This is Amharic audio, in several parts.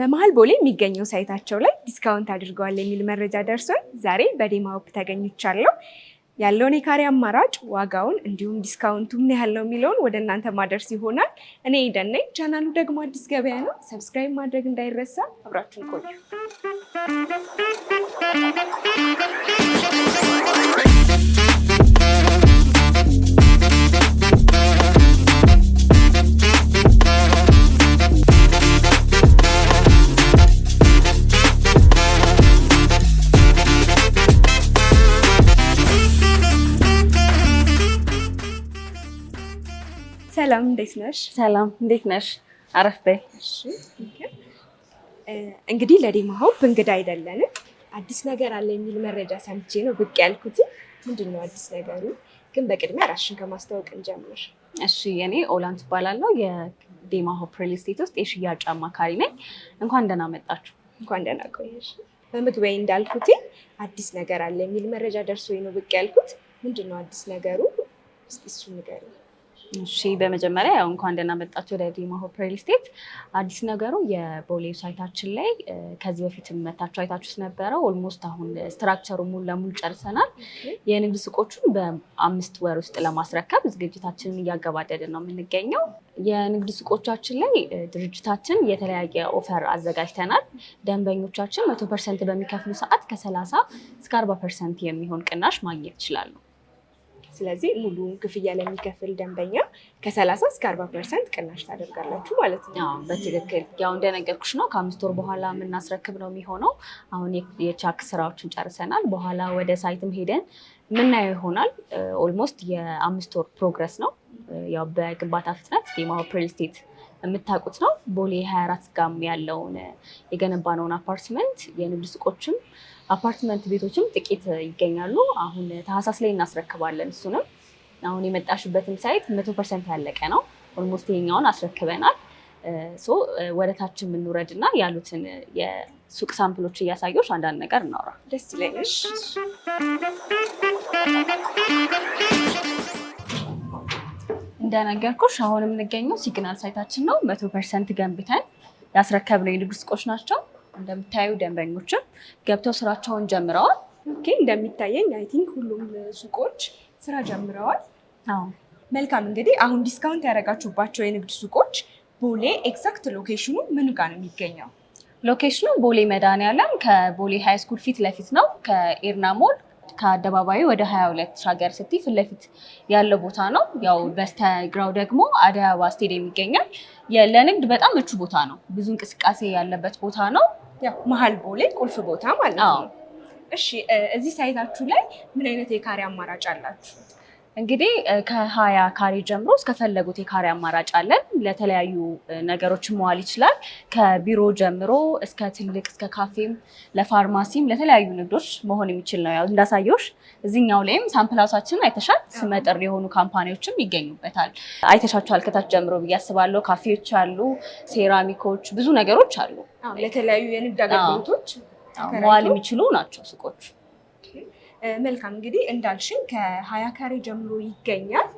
በመሀል ቦሌ የሚገኘው ሳይታቸው ላይ ዲስካውንት አድርገዋል የሚል መረጃ ደርሶን ዛሬ በዴማ ሆፕ ተገኝቻለሁ። ያለውን የካሬ አማራጭ ዋጋውን፣ እንዲሁም ዲስካውንቱ ምን ያህል ነው የሚለውን ወደ እናንተ ማድረስ ይሆናል። እኔ ደናይ፣ ቻናሉ ደግሞ አዲስ ገበያ ነው። ሰብስክራይብ ማድረግ እንዳይረሳ፣ አብራችን ቆዩ። እንዴት ነሽ? ሰላም፣ እንዴት ነሽ? አረፍ በይ። እንግዲህ ለዴማ ሆፕ እንግዳ አይደለንም። አዲስ ነገር አለ የሚል መረጃ ሰምቼ ነው ብቅ ያልኩት። ምንድን ነው አዲስ ነገሩ? ግን በቅድሚያ ራሽን ከማስተዋወቅ እንጀምር። እሺ፣ እኔ ኦላን ትባላለሁ። የዴማ ሆፕ ሪል ስቴት ውስጥ የሽያጭ አማካሪ ነኝ። እንኳን ደህና መጣችሁ። እንኳን ደህና ቆየሽ። በምግቤ እንዳልኩት አዲስ ነገር አለ የሚል መረጃ ደርሶ ነው ብቅ ያልኩት። ምንድን ነው አዲስ ነገሩ? እሱን ንገሪኝ። እሺ በመጀመሪያ ያው እንኳን ደህና መጣችሁ ወደ ዲማ ሆፕ ሪል ስቴት። አዲስ ነገሩ የቦሌ ሳይታችን ላይ ከዚህ በፊት መታችሁ አይታችሁት ነበረ። ኦልሞስት አሁን ስትራክቸሩ ሙሉ ለሙሉ ጨርሰናል። የንግድ ሱቆቹን በአምስት ወር ውስጥ ለማስረከብ ዝግጅታችንን እያገባደድን ነው የምንገኘው። የንግድ ሱቆቻችን ላይ ድርጅታችን የተለያየ ኦፈር አዘጋጅተናል። ደንበኞቻችን መቶ ፐርሰንት በሚከፍሉ ሰዓት ከሰላሳ እስከ አርባ ፐርሰንት የሚሆን ቅናሽ ማግኘት ይችላሉ። ስለዚህ ሙሉውን ክፍያ ለሚከፍል ደንበኛ ከሰላሳ እስከ አርባ ፐርሰንት ቅናሽ ታደርጋላችሁ ማለት ነው። በትክክል ያው እንደነገርኩሽ ነው። ከአምስት ወር በኋላ የምናስረክብ ነው የሚሆነው። አሁን የቻክ ስራዎችን ጨርሰናል። በኋላ ወደ ሳይትም ሄደን ምናየው ይሆናል። ኦልሞስት የአምስት ወር ፕሮግረስ ነው። ያው በግንባታ ፍጥነት ዴማ ሪል ስቴት የምታውቁት ነው። ቦሌ 24 ጋም ያለውን የገነባነውን አፓርትመንት የንግድ ሱቆችም አፓርትመንት ቤቶችም ጥቂት ይገኛሉ። አሁን ታህሳስ ላይ እናስረክባለን። እሱንም አሁን የመጣሽበትን ሳይት መቶ ፐርሰንት ያለቀ ነው። ኦልሞስት ይሄኛውን አስረክበናል። ወደታች ታች የምንውረድ እና ያሉትን የሱቅ ሳምፕሎች እያሳዮች አንዳንድ ነገር እናውራ። ደስ ይለኛል። እንደነገርኩሽ አሁን የምንገኘው ሲግናል ሳይታችን ነው። መቶ ፐርሰንት ገንብተን ያስረከብነው የንግድ ሱቆች ናቸው። እንደምታዩ ደንበኞችም ገብተው ስራቸውን ጀምረዋል። ኦኬ፣ እንደሚታየኝ አይ ቲንክ ሁሉም ሱቆች ስራ ጀምረዋል። አዎ፣ መልካም። እንግዲህ አሁን ዲስካውንት ያደረጋችሁባቸው የንግድ ሱቆች ቦሌ ኤግዛክት ሎኬሽኑ ምን ጋር ነው የሚገኘው? ሎኬሽኑ ቦሌ መድኃኒዓለም ከቦሌ ሃይስኩል ፊት ለፊት ነው ከኤርና ሞል ከአደባባዩ ወደ 22 ሻገር ስትይ ፊት ለፊት ያለው ቦታ ነው። ያው በስተግራው ደግሞ አደይ አበባ ስቴዲየም ይገኛል። ለንግድ በጣም ምቹ ቦታ ነው። ብዙ እንቅስቃሴ ያለበት ቦታ ነው። መሀል ቦሌ ቁልፍ ቦታ ማለት ነው። እሺ፣ እዚህ ሳይታችሁ ላይ ምን አይነት የካሬ አማራጭ አላችሁ? እንግዲህ ከሀያ ካሬ ጀምሮ እስከፈለጉት የካሬ አማራጭ አለን። ለተለያዩ ነገሮች መዋል ይችላል። ከቢሮ ጀምሮ እስከ ትልቅ እስከ ካፌም፣ ለፋርማሲም፣ ለተለያዩ ንግዶች መሆን የሚችል ነው። እንዳሳየሽ እዚኛው ላይም ሳምፕላሳችን አይተሻል። ስመጥር የሆኑ ካምፓኒዎችም ይገኙበታል። አይተሻቸዋል ከታች ጀምሮ ብዬ አስባለሁ። ካፌዎች አሉ፣ ሴራሚኮች፣ ብዙ ነገሮች አሉ። ለተለያዩ የንግድ አገልግሎቶች መዋል የሚችሉ ናቸው ሱቆች። መልካም እንግዲህ እንዳልሽን ከሀያ ካሬ ጀምሮ ይገኛል።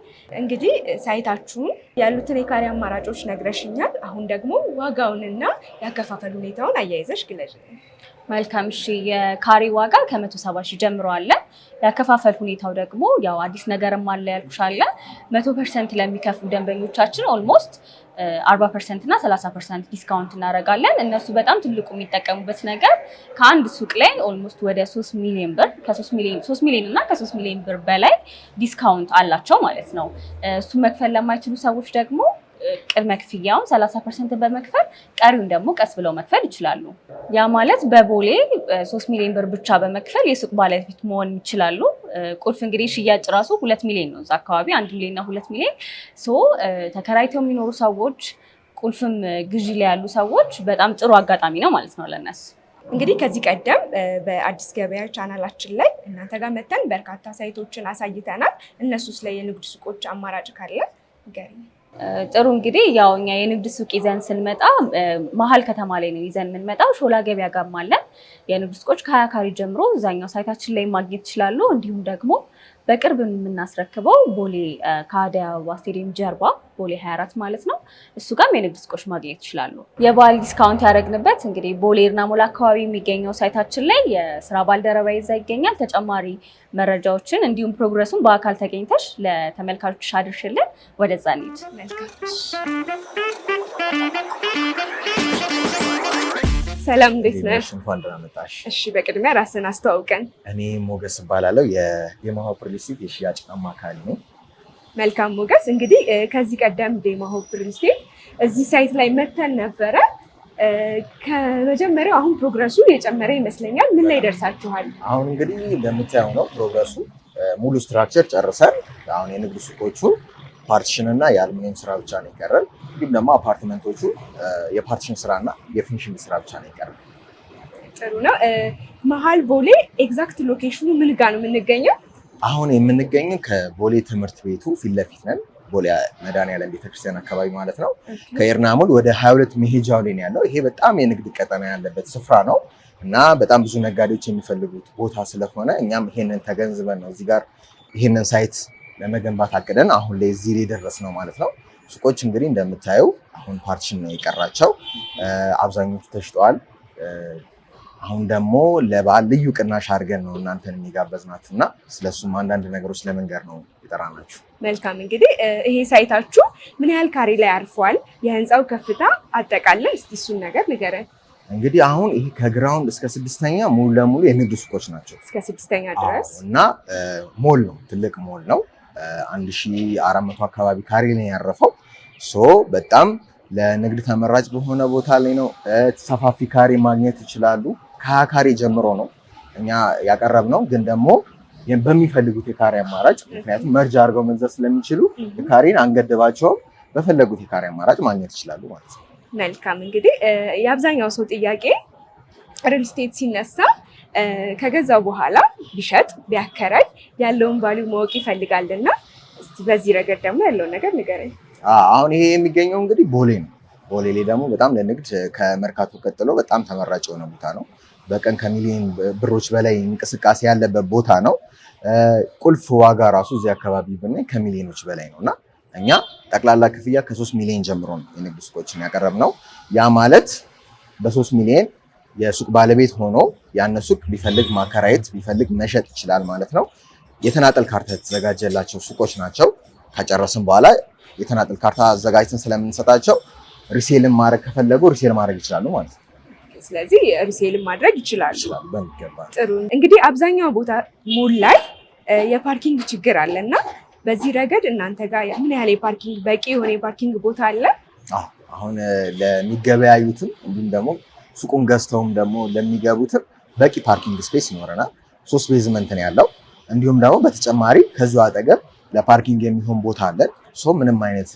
እንግዲህ ሳይታችሁን ያሉትን የካሬ አማራጮች ነግረሽኛል። አሁን ደግሞ ዋጋውንና ያከፋፈል ሁኔታውን አያይዘሽ ግለጭ። መልካም እሺ፣ የካሬ ዋጋ ከመቶ ሰባ ሺህ ጀምሮ አለ። ያከፋፈል ሁኔታው ደግሞ ያው አዲስ ነገርም አለ ያልኩሻለ መቶ ፐርሰንት ለሚከፍሉ ደንበኞቻችን ኦልሞስት አርባ ፐርሰንት እና ሰላሳ ፐርሰንት ዲስካውንት እናደርጋለን። እነሱ በጣም ትልቁ የሚጠቀሙበት ነገር ከአንድ ሱቅ ላይ ኦልሞስት ወደ ሶስት ሚሊዮን ብር ሶስት ሚሊዮን እና ከሶስት ሚሊዮን ብር በላይ ዲስካውንት አላቸው ማለት ነው። እሱ መክፈል ለማይችሉ ሰዎች ደግሞ ቅድመ ክፍያውን 30 ፐርሰንት በመክፈል ቀሪውን ደግሞ ቀስ ብለው መክፈል ይችላሉ። ያ ማለት በቦሌ 3 ሚሊዮን ብር ብቻ በመክፈል የሱቅ ባለቤት መሆን ይችላሉ። ቁልፍ እንግዲህ ሽያጭ ራሱ ሁለት ሚሊዮን ነው። እዛ አካባቢ አንድ ሚሊዮን እና ሁለት ሚሊዮን ሶ ተከራይተው የሚኖሩ ሰዎች ቁልፍም ግዢ ላይ ያሉ ሰዎች በጣም ጥሩ አጋጣሚ ነው ማለት ነው ለነሱ። እንግዲህ ከዚህ ቀደም በአዲስ ገበያ ቻናላችን ላይ እናንተ ጋር መተን በርካታ ሳይቶችን አሳይተናል። እነሱ ላይ የንግድ ሱቆች አማራጭ ካለ ገር ጥሩ እንግዲህ ያው እኛ የንግድ ሱቅ ይዘን ስንመጣ መሀል ከተማ ላይ ነው ይዘን የምንመጣው። ሾላ ገበያ ጋር አለን የንግድ ሱቆች ከሀያ ካሬ ጀምሮ እዛኛው ሳይታችን ላይ ማግኘት ይችላሉ። እንዲሁም ደግሞ በቅርብ የምናስረክበው ቦሌ ከአደይ አበባ ስቴዲየም ጀርባ ቦሌ 24 ማለት ነው። እሱ ጋም የንግድ ሱቆች ማግኘት ይችላሉ። የበዓል ዲስካውንት ያደረግንበት እንግዲህ ቦሌ ሞላ አካባቢ የሚገኘው ሳይታችን ላይ የስራ ባልደረባ ይዛ ይገኛል። ተጨማሪ መረጃዎችን እንዲሁም ፕሮግረሱን በአካል ተገኝተሽ ለተመልካቾች አድርሽልን። ወደዛ እንሂድ። ሰላም እንዴት ነሽ? እንኳን ደህና መጣሽ። እሺ በቅድሚያ ራስን አስተዋውቀን። እኔ ሞገስ እባላለሁ የዴማ ሆፕ የሽያጭ አማካሪ ነኝ። መልካም ሞገስ፣ እንግዲህ ከዚህ ቀደም ዴማ ሆፕ እዚህ ሳይት ላይ መተን ነበረ። ከመጀመሪያው አሁን ፕሮግረሱ የጨመረ ይመስለኛል። ምን ላይ ደርሳችኋል? አሁን እንግዲህ እንደምታየው ነው ፕሮግረሱ። ሙሉ ስትራክቸር ጨርሰን አሁን የንግድ ሱቆቹ ፓርቲሽን እና የአልሙኒየም ስራ ብቻ ነው ይቀረል። እንዲሁም ደግሞ አፓርትመንቶቹ የፓርቲሽን ስራ እና የፊኒሽንግ ስራ ብቻ ነው ይቀረል። ጥሩ ነው። መሀል ቦሌ ኤግዛክት ሎኬሽኑ ምን ጋር ነው የምንገኘው? አሁን የምንገኘው ከቦሌ ትምህርት ቤቱ ፊት ለፊት ነን። ቦሌ መድኃኔዓለም ቤተክርስቲያን አካባቢ ማለት ነው። ከኤርናሙል ወደ 22 መሄጃ ላይ ያለው። ይሄ በጣም የንግድ ቀጠና ያለበት ስፍራ ነው እና በጣም ብዙ ነጋዴዎች የሚፈልጉት ቦታ ስለሆነ እኛም ይሄንን ተገንዝበን ነው እዚህ ጋር ይሄንን ሳይት ለመገንባት አቅደን አሁን ላይ እዚህ ደረስ ነው ማለት ነው። ሱቆች እንግዲህ እንደምታየው አሁን ፓርቲሽን ነው የቀራቸው። አብዛኞቹ ተሽጠዋል። አሁን ደግሞ ለበዓል ልዩ ቅናሽ አድርገን ነው እናንተን የሚጋበዝናት እና ስለሱም አንዳንድ ነገሮች ለመንገር ነው የጠራናችሁ። መልካም እንግዲህ ይሄ ሳይታችሁ ምን ያህል ካሬ ላይ አርፏል? የህንፃው ከፍታ አጠቃላይ እስቲ እሱን ነገር ንገረን። እንግዲህ አሁን ይሄ ከግራውንድ እስከ ስድስተኛ ሙሉ ለሙሉ የንግድ ሱቆች ናቸው እስከ ስድስተኛ ድረስ እና ሞል ነው ትልቅ ሞል ነው አንድ ሺህ አራት መቶ አካባቢ ካሬ ነው ያረፈው። ሶ በጣም ለንግድ ተመራጭ በሆነ ቦታ ላይ ነው። ሰፋፊ ካሬ ማግኘት ይችላሉ። ከሀያ ካሬ ጀምሮ ነው እኛ ያቀረብ ነው ግን ደግሞ በሚፈልጉት የካሬ አማራጭ ምክንያቱም መርጃ አድርገው መግዛት ስለሚችሉ ካሬን አንገድባቸውም በፈለጉት የካሬ አማራጭ ማግኘት ይችላሉ ማለት ነው። መልካም እንግዲህ የአብዛኛው ሰው ጥያቄ ሪል ስቴት ሲነሳ ከገዛ በኋላ ቢሸጥ ቢያከራይ ያለውን ቫሊዩ ማወቅ ይፈልጋልና በዚህ ረገድ ደግሞ ያለውን ነገር ንገረኝ። አሁን ይሄ የሚገኘው እንግዲህ ቦሌ ነው። ቦሌ ላይ ደግሞ በጣም ለንግድ ከመርካቶ ቀጥሎ በጣም ተመራጭ የሆነ ቦታ ነው። በቀን ከሚሊዮን ብሮች በላይ እንቅስቃሴ ያለበት ቦታ ነው። ቁልፍ ዋጋ ራሱ እዚህ አካባቢ ብናይ ከሚሊዮኖች በላይ ነው እና እኛ ጠቅላላ ክፍያ ከሶስት ሚሊዮን ጀምሮ ነው የንግድ ሱቆችን ያቀረብ ነው። ያ ማለት በሶስት ሚሊዮን የሱቅ ባለቤት ሆኖ ያን ሱቅ ቢፈልግ ማከራየት ቢፈልግ መሸጥ ይችላል ማለት ነው። የተናጠል ካርታ የተዘጋጀላቸው ሱቆች ናቸው። ከጨረስን በኋላ የተናጠል ካርታ አዘጋጅተን ስለምንሰጣቸው ሪሴልን ማድረግ ከፈለጉ ሪሴል ማድረግ ይችላሉ ማለት ነው። ስለዚህ ሪሴልን ማድረግ ይችላሉ በሚገባ። ጥሩ እንግዲህ አብዛኛው ቦታ ሙል ላይ የፓርኪንግ ችግር አለ እና በዚህ ረገድ እናንተ ጋር ምን ያህል የፓርኪንግ በቂ የሆነ የፓርኪንግ ቦታ አለ? አሁን ለሚገበያዩትም እንዲሁም ደግሞ ሱቁን ገዝተውም ደግሞ ለሚገቡትም በቂ ፓርኪንግ ስፔስ ይኖረናል። ሶስት ቤዝመንትን ያለው። እንዲሁም ደግሞ በተጨማሪ ከዚ አጠገብ ለፓርኪንግ የሚሆን ቦታ አለን። ሰው ምንም አይነት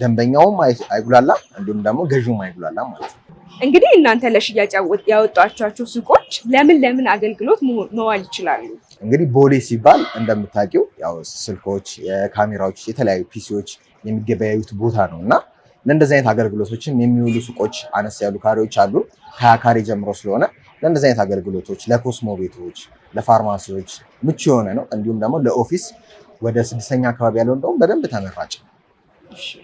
ደንበኛውም አይጉላላም፣ እንዲሁም ደግሞ ገዥውም አይጉላላም ማለት ነው። እንግዲህ እናንተ ለሽያጭ ያወጣቻቸው ሱቆች ለምን ለምን አገልግሎት መዋል ይችላሉ? እንግዲህ ቦሌ ሲባል እንደምታውቂው ያው ስልኮች፣ ካሜራዎች፣ የተለያዩ ፒሲዎች የሚገበያዩት ቦታ ነው እና ለእንደዚህ አይነት አገልግሎቶችም የሚውሉ ሱቆች አነስ ያሉ ካሬዎች አሉ። ከሀያ ካሬ ጀምሮ ስለሆነ ለእንደዚህ አይነት አገልግሎቶች ለኮስሞ ቤቶች፣ ለፋርማሲዎች ምቹ የሆነ ነው። እንዲሁም ደግሞ ለኦፊስ ወደ ስድስተኛ አካባቢ ያለው እንደውም በደንብ ተመራጭ ነው።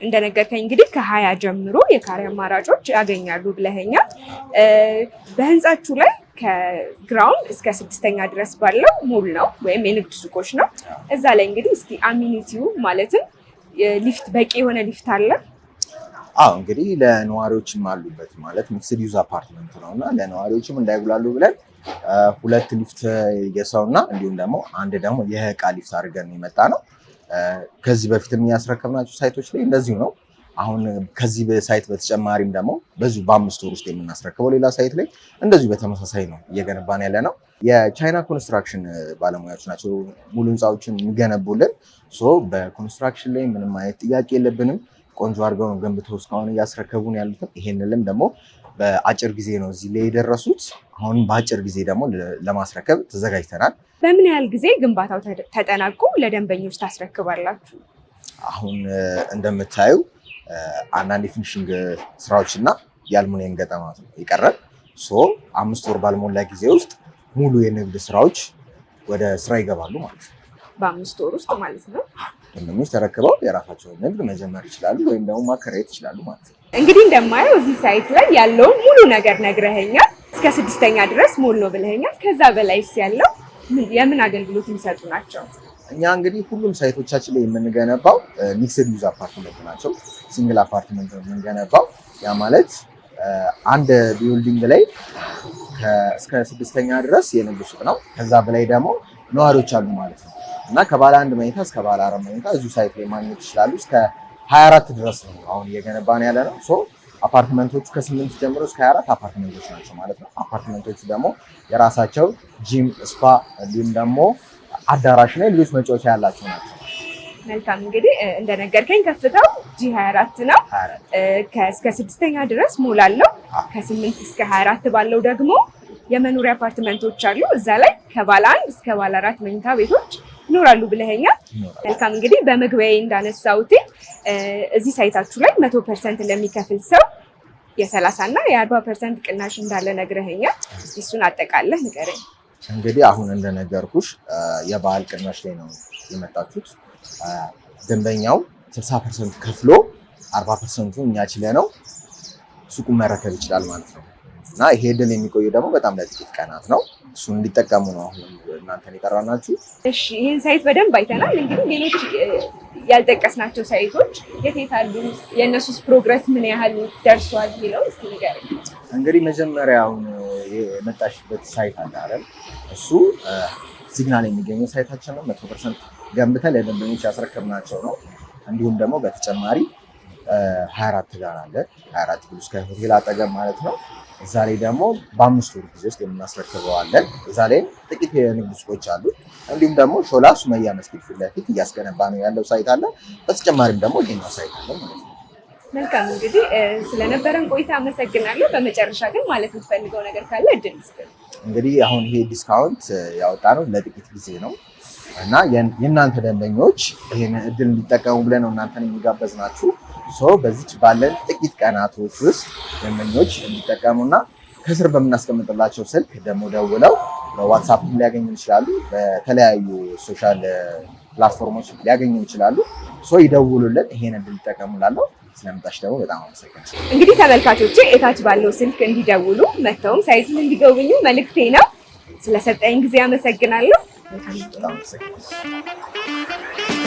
እንደነገርከኝ እንግዲህ ከሀያ ጀምሮ የካሬ አማራጮች ያገኛሉ ብለኸኛል። በህንፃችሁ ላይ ከግራውንድ እስከ ስድስተኛ ድረስ ባለው ሙሉ ነው ወይም የንግድ ሱቆች ነው። እዛ ላይ እንግዲህ እስኪ አሚኒቲው ማለትም ሊፍት በቂ የሆነ ሊፍት አለ አዎ እንግዲህ ለነዋሪዎችም አሉበት ማለት ሚክስድ ዩዝ አፓርትመንት ነው እና ለነዋሪዎችም እንዳይጉላሉ ብለን ሁለት ሊፍት የሰው እና እንዲሁም ደግሞ አንድ ደግሞ የእቃ ሊፍት አድርገን የመጣ ነው። ከዚህ በፊትም ያስረከብናቸው ሳይቶች ላይ እንደዚሁ ነው። አሁን ከዚህ ሳይት በተጨማሪም ደግሞ በዚሁ በአምስት ወር ውስጥ የምናስረክበው ሌላ ሳይት ላይ እንደዚሁ በተመሳሳይ ነው እየገነባን ያለ ነው። የቻይና ኮንስትራክሽን ባለሙያዎች ናቸው ሙሉ ህንፃዎችን የሚገነቡልን። በኮንስትራክሽን ላይ ምንም አይነት ጥያቄ የለብንም። ቆንጆ አድርገው ነው ገንብተው እስካሁን እያስረከቡን ያሉትም። ይሄንንም ደግሞ በአጭር ጊዜ ነው እዚህ ላይ የደረሱት። አሁንም በአጭር ጊዜ ደግሞ ለማስረከብ ተዘጋጅተናል። በምን ያህል ጊዜ ግንባታው ተጠናቆ ለደንበኞች ታስረክባላችሁ? አሁን እንደምታዩ አንዳንድ የፊኒሽንግ ስራዎች እና የአልሙኒየም ገጠማ ይቀራል። ሶ አምስት ወር ባልሞላ ጊዜ ውስጥ ሙሉ የንግድ ስራዎች ወደ ስራ ይገባሉ ማለት ነው። በአምስት ወር ውስጥ ማለት ነው። ደንበኞች ተረክበው የራሳቸውን ንግድ መጀመር ይችላሉ ወይም ደግሞ ማከራየት ይችላሉ ማለት ነው። እንግዲህ እንደማየው እዚህ ሳይት ላይ ያለውን ሙሉ ነገር ነግረኸኛል። እስከ ስድስተኛ ድረስ ሞል ነው ብለኸኛል። ከዛ በላይስ ያለው የምን አገልግሎት የሚሰጡ ናቸው? እኛ እንግዲህ ሁሉም ሳይቶቻችን ላይ የምንገነባው ሚክስድ ዩዝ አፓርትመንት ናቸው። ሲንግል አፓርትመንት ነው የምንገነባው። ያ ማለት አንድ ቢውልዲንግ ላይ እስከ ስድስተኛ ድረስ የንግድ ሱቅ ነው። ከዛ በላይ ደግሞ ነዋሪዎች አሉ ማለት ነው። እና ከባለ አንድ መኝታ እስከ ባለ አራት መኝታ እዚሁ ሳይት ላይ ማግኘት ይችላሉ። እስከ 24 ድረስ ነው አሁን እየገነባን ያለ ነው። ሶ አፓርትመንቶቹ ከስምንት ጀምሮ እስከ 24 አፓርትመንቶች ናቸው ማለት ነው። አፓርትመንቶቹ ደግሞ የራሳቸው ጂም፣ ስፓ እንዲሁም ደግሞ አዳራሽ ላይ ልጆች መጫወቻ ያላቸው ናቸው። መልካም እንግዲህ እንደነገርከኝ ከፍታው ጂ 24 ነው። እስከ ስድስተኛ ድረስ ሞል አለው። ከስምንት እስከ 24 ባለው ደግሞ የመኖሪያ አፓርትመንቶች አሉ። እዛ ላይ ከባለ አንድ እስከ ባለ አራት መኝታ ቤቶች ይኖራሉ ብለኸኛል። መልካም እንግዲህ በመግቢያዬ እንዳነሳሁት እዚህ ሳይታችሁ ላይ መቶ ፐርሰንት ለሚከፍል ሰው የሰላሳ እና የአርባ ፐርሰንት ቅናሽ እንዳለ ነግረኸኛል። እስኪ እሱን አጠቃለህ ንገረኝ። እንግዲህ አሁን እንደነገርኩሽ የበዓል ቅናሽ ላይ ነው የመጣችሁት። ደንበኛው ስልሳ ፐርሰንት ከፍሎ አርባ ፐርሰንቱን እኛ ነው ሱቁን መረከብ ይችላል ማለት ነው። እና ይሄ ድል የሚቆየው ደግሞ በጣም ለጥቂት ቀናት ነው። እሱ እንዲጠቀሙ ነው አሁን እናንተን የጠራናችሁ። እሺ፣ ይህን ሳይት በደንብ አይተናል። እንግዲህ ሌሎች ያልጠቀስናቸው ሳይቶች የት የት አሉ፣ የእነሱስ ፕሮግረስ ምን ያህል ደርሷል የሚለው እስኪ ንገረኝ። እንግዲህ መጀመሪያ አሁን የመጣሽበት ሳይት አለ አይደል? እሱ ሲግናል የሚገኘው ሳይታችን ነው። መቶ ፐርሰንት ገንብተን ለደንበኞች ያስረከብናቸው ነው። እንዲሁም ደግሞ በተጨማሪ 24 ጋር አለ 24 ቅዱስ ከሆቴል አጠገብ ማለት ነው። እዛ ላይ ደግሞ በአምስት ወር ጊዜ ውስጥ የምናስረክበው አለን። እዛ ላይ ጥቂት የንግድ ሱቆች አሉ። እንዲሁም ደግሞ ሾላ ሱመያ መስጊድ ፊት ለፊት እያስገነባ ነው ያለው ሳይት አለ። በተጨማሪም ደግሞ ይሄኛው ሳይት አለ ማለት ነው። መልካም እንግዲህ ስለነበረን ቆይታ አመሰግናለሁ። በመጨረሻ ግን ማለት የምትፈልገው ነገር ካለ እድል እንግዲህ አሁን ይሄ ዲስካውንት ያወጣ ነው ለጥቂት ጊዜ ነው እና የእናንተ ደንበኞች ይህን እድል እንዲጠቀሙ ብለን ነው እናንተን የሚጋበዝ ናችሁ ሶ በዚች ባለን ጥቂት ቀናቶች ውስጥ ደንበኞች እንዲጠቀሙና ከስር በምናስቀምጥላቸው ስልክ ደግሞ ደውለው በዋትሳፕ ሊያገኙ ይችላሉ። በተለያዩ ሶሻል ፕላትፎርሞች ሊያገኙ ይችላሉ። ሶ ይደውሉልን፣ ይሄን እንድንጠቀሙ ላለው ስለምጣሽ ደግሞ በጣም አመሰግናለሁ። እንግዲህ ተመልካቾቼ እታች ባለው ስልክ እንዲደውሉ መተውም ሳይቱን እንዲጎብኙ መልእክቴ ነው። ስለሰጠኝ ጊዜ አመሰግናለሁ። በጣም አመሰግናለሁ።